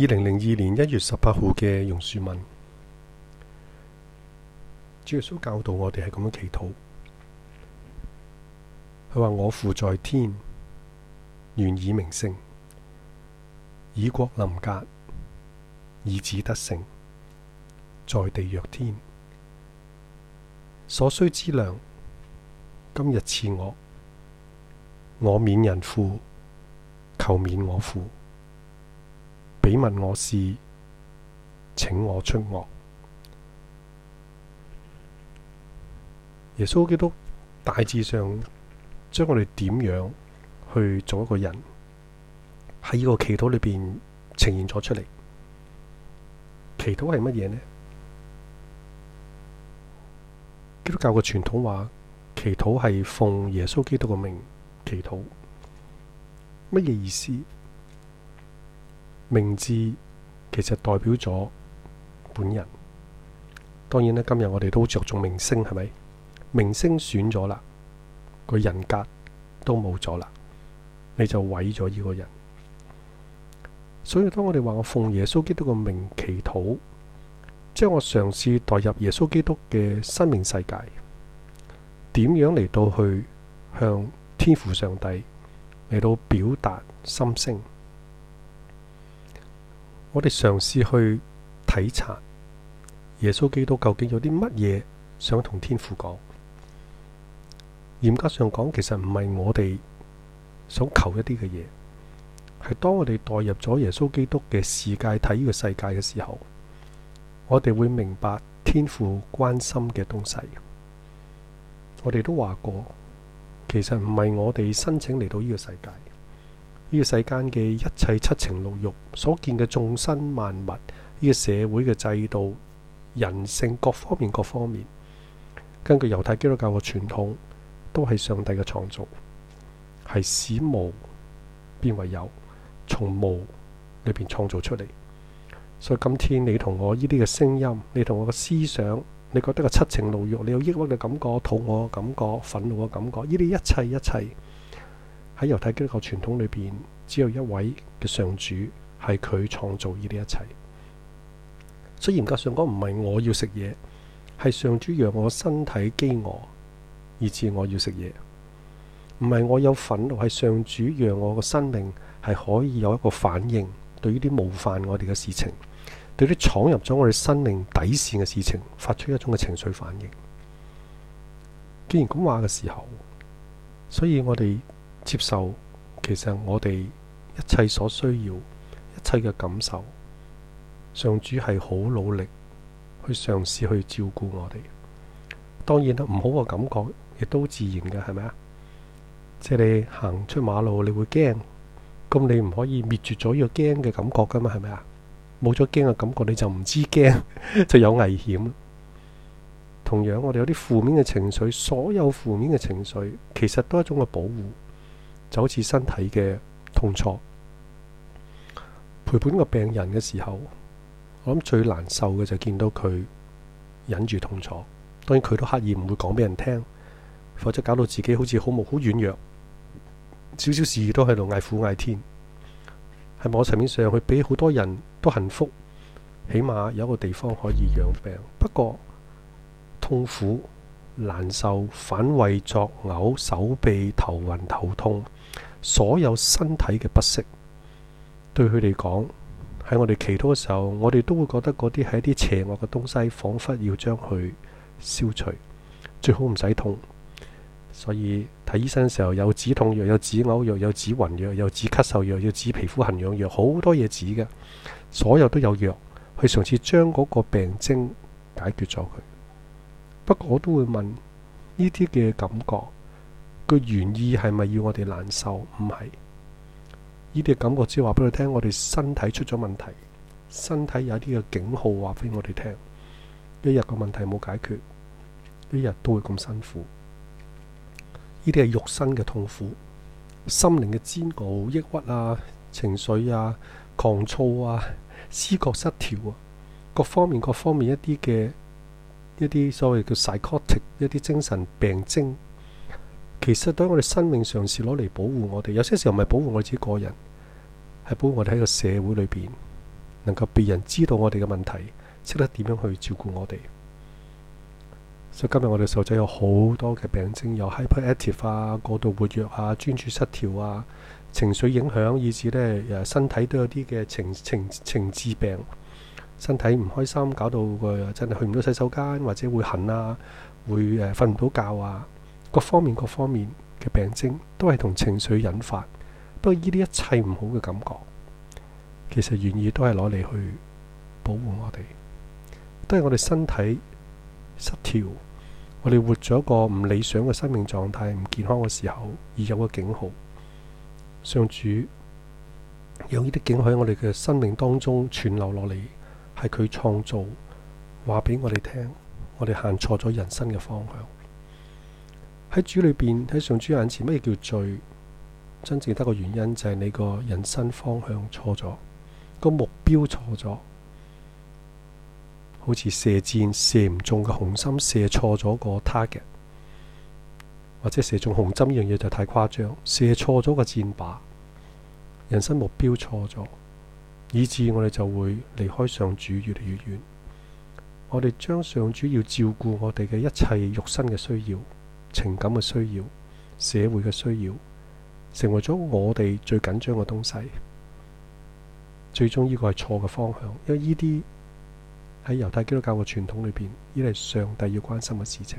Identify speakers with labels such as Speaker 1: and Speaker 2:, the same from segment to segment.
Speaker 1: 二零零二年一月十八號嘅榕樹文，主耶穌教導我哋係咁樣祈禱。佢話我父在天，願以名聖；以國臨格，以子得成。在地若天，所需之糧，今日賜我。我免人負，求免我負。你問我是，請我出惡。耶穌基督大致上將我哋點樣去做一個人，喺呢個祈禱裏邊呈現咗出嚟。祈禱係乜嘢呢？基督教嘅傳統話，祈禱係奉耶穌基督嘅名。祈禱，乜嘢意思？名字其實代表咗本人，當然咧，今日我哋都好着重明星，係咪？明星選咗啦，個人格都冇咗啦，你就毀咗依個人。所以當我哋話我奉耶穌基督嘅名祈禱，將我嘗試代入耶穌基督嘅生命世界，點樣嚟到去向天父上帝嚟到表達心聲？我哋嘗試去體察耶穌基督究竟有啲乜嘢想同天父講。嚴格上講，其實唔係我哋所求一啲嘅嘢，係當我哋代入咗耶穌基督嘅視界，睇呢個世界嘅時候，我哋會明白天父關心嘅東西。我哋都話過，其實唔係我哋申請嚟到呢個世界。呢個世間嘅一切七情六欲，所見嘅眾生萬物，呢個社會嘅制度、人性各方面各方面，根據猶太基督教嘅傳統，都係上帝嘅創造，係使無變為有，從無裏邊創造出嚟。所以今天你同我呢啲嘅聲音，你同我嘅思想，你覺得個七情六欲，你有抑鬱嘅感覺、肚餓嘅感，感覺、憤怒嘅感覺，呢啲一切一切。喺猶太基督教傳統裏邊，只有一位嘅上主係佢創造呢啲一切，所以嚴格上講，唔係我要食嘢，係上主讓我的身體飢餓，以致我要食嘢。唔係我有憤怒，係上主讓我個生命係可以有一個反應，對呢啲冒犯我哋嘅事情，對啲闖入咗我哋生命底線嘅事情，發出一種嘅情緒反應。既然咁話嘅時候，所以我哋接受，其實我哋一切所需要，一切嘅感受，上主係好努力去嘗試去照顧我哋。當然啦，唔好嘅感覺亦都自然嘅，係咪啊？即係你行出馬路，你會驚，咁你唔可以滅絕咗呢個驚嘅感覺噶嘛？係咪啊？冇咗驚嘅感覺，你就唔知驚 就有危險。同樣，我哋有啲負面嘅情緒，所有負面嘅情緒，其實都係一種嘅保護。就好似身體嘅痛楚，陪伴個病人嘅時候，我諗最難受嘅就見到佢忍住痛楚。當然佢都刻意唔會講俾人聽，否則搞到自己好似好無好軟弱，少少事都喺度嗌苦嗌天。喺某層面上，佢比好多人都幸福，起碼有一個地方可以養病。不過痛苦。難受、反胃、作嘔、手臂、頭暈、頭痛，所有身體嘅不適，對佢哋講，喺我哋祈禱嘅時候，我哋都會覺得嗰啲係一啲邪惡嘅東西，仿佛要將佢消除，最好唔使痛。所以睇醫生嘅時候有止痛藥、有止嘔藥、有止暈藥、有止咳嗽藥、要止，止皮膚痕癢藥，好多嘢止嘅，所有都有藥去嘗試將嗰個病徵解決咗佢。不過我都會問呢啲嘅感覺個原意係咪要我哋難受？唔係。呢啲感覺只係話俾佢聽，我哋身體出咗問題，身體有一啲嘅警號話俾我哋聽。一日個問題冇解決，一日都會咁辛苦。呢啲係肉身嘅痛苦、心靈嘅煎熬、抑鬱啊、情緒啊、狂躁啊、思覺失調啊，各方面、各方面一啲嘅。一啲所謂叫 psychotic 一啲精神病徵，其實對於我哋生命上是攞嚟保護我哋。有些時候唔係保護我哋自己個人，係保護我哋喺個社會裏邊，能夠別人知道我哋嘅問題，識得點樣去照顧我哋。所以今日我哋細路仔有好多嘅病徵，有 hyperactive 啊、過度活躍啊、專注失調啊、情緒影響，以至呢身體都有啲嘅情情情志病。身體唔開心，搞到佢真係去唔到洗手間，或者會痕啊，會瞓唔到覺啊，各方面各方面嘅病徵都係同情緒引發。不過呢啲一切唔好嘅感覺，其實原意都係攞嚟去保護我哋，都係我哋身體失調，我哋活咗一個唔理想嘅生命狀態、唔健康嘅時候而有個警號。上主讓呢啲警號喺我哋嘅生命當中存留落嚟。係佢創造話俾我哋聽，我哋行錯咗人生嘅方向。喺主裏邊，喺上主眼前，咩叫罪？真正得個原因就係你個人生方向錯咗，個目標錯咗，好似射箭射唔中嘅紅心，射錯咗個 target，或者射中紅針呢樣嘢就太誇張，射錯咗個箭靶，人生目標錯咗。以致我哋就會離開上主越嚟越遠。我哋將上主要照顧我哋嘅一切肉身嘅需要、情感嘅需要、社會嘅需要，成為咗我哋最緊張嘅東西。最終呢個係錯嘅方向，因為呢啲喺猶太基督教嘅傳統裏邊，呢啲係上帝要關心嘅事情。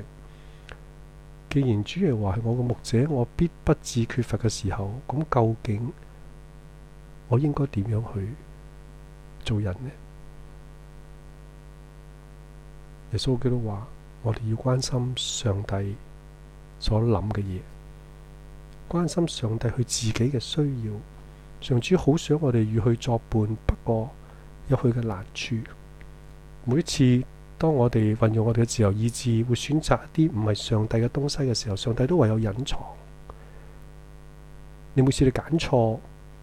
Speaker 1: 既然主係話係我嘅牧者，我必不至缺乏嘅時候，咁究竟我應該點樣去？做人咧，耶穌基督話：我哋要關心上帝所諗嘅嘢，關心上帝佢自己嘅需要。上主好想我哋與佢作伴，不過有佢嘅難處。每一次當我哋運用我哋嘅自由意志，會選擇一啲唔係上帝嘅東西嘅時候，上帝都唯有隱藏。你每次你揀錯，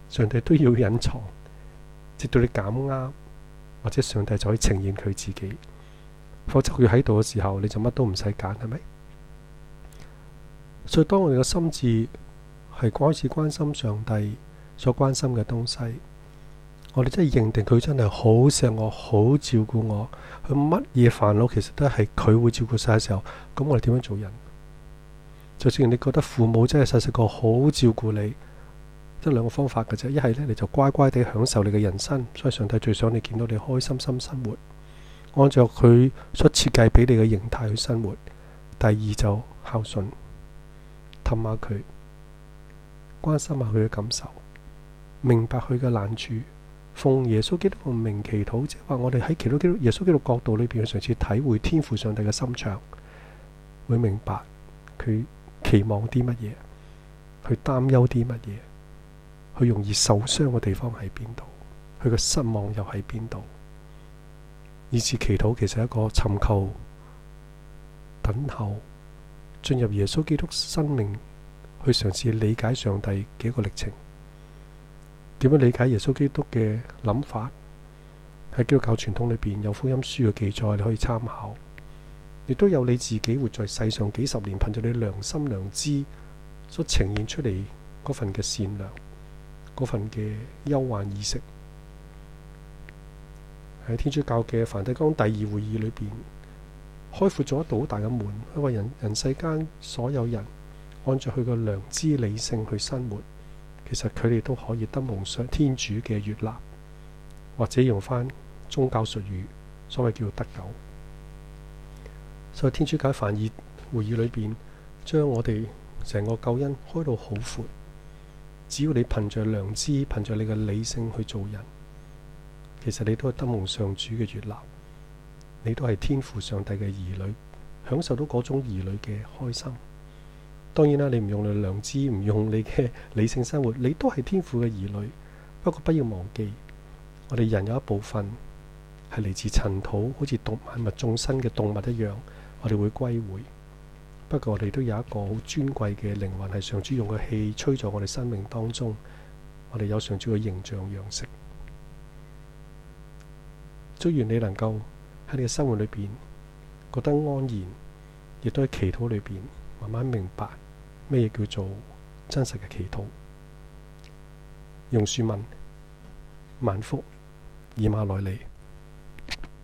Speaker 1: 上帝都要隱藏。直到你揀啱，或者上帝就可以呈現佢自己。否則，佢喺度嘅時候，你就乜都唔使揀，係咪？所以，當我哋嘅心智係開始關心上帝所關心嘅東西，我哋真係認定佢真係好錫我，好照顧我。佢乜嘢煩惱，其實都係佢會照顧晒嘅時候，咁我哋點樣做人？就算你覺得父母真係細細個好照顧你。即係兩個方法嘅啫，一係呢，你就乖乖地享受你嘅人生，所以上帝最想你見到你開心心生活，按照佢所設計俾你嘅形態去生活。第二就孝順，氹下佢，關心下佢嘅感受，明白佢嘅難處，奉耶穌基督奉名祈禱，即係話我哋喺耶穌基督角度裏邊嘅，嘗試體會天父上帝嘅心腸，會明白佢期望啲乜嘢，佢擔憂啲乜嘢。佢容易受傷嘅地方喺邊度？佢嘅失望又喺邊度？以至祈禱其實係一個尋求、等候、進入耶穌基督生命去嘗試理解上帝嘅一個歷程。點樣理解耶穌基督嘅諗法？喺基督教傳統裏邊有福音書嘅記載，你可以參考。亦都有你自己活在世上幾十年，憑住你良心良知所呈現出嚟嗰份嘅善良。嗰份嘅憂患意識喺天主教嘅梵蒂岡第二會議裏邊，開闊咗一道大嘅門，因為人人世間所有人按住佢嘅良知理性去生活，其實佢哋都可以得蒙上天主嘅悦納，或者用返宗教術語，所謂叫得救。所以天主教梵二會議裏邊，將我哋成個救恩開到好闊。只要你憑着良知、憑着你嘅理性去做人，其實你都係得蒙上主嘅悦納，你都係天父上帝嘅兒女，享受到嗰種兒女嘅開心。當然啦，你唔用你良知，唔用你嘅理性生活，你都係天父嘅兒女。不過不要忘記，我哋人有一部分係嚟自塵土，好似動物眾生嘅動物一樣，我哋會歸回。不過我哋都有一個好尊貴嘅靈魂，係上主用嘅氣吹在我哋生命當中，我哋有上主嘅形象樣式。祝願你能夠喺你嘅生活裏邊覺得安然，亦都喺祈禱裏邊慢慢明白咩叫做真實嘅祈禱。用樹問、萬福、以馬內利。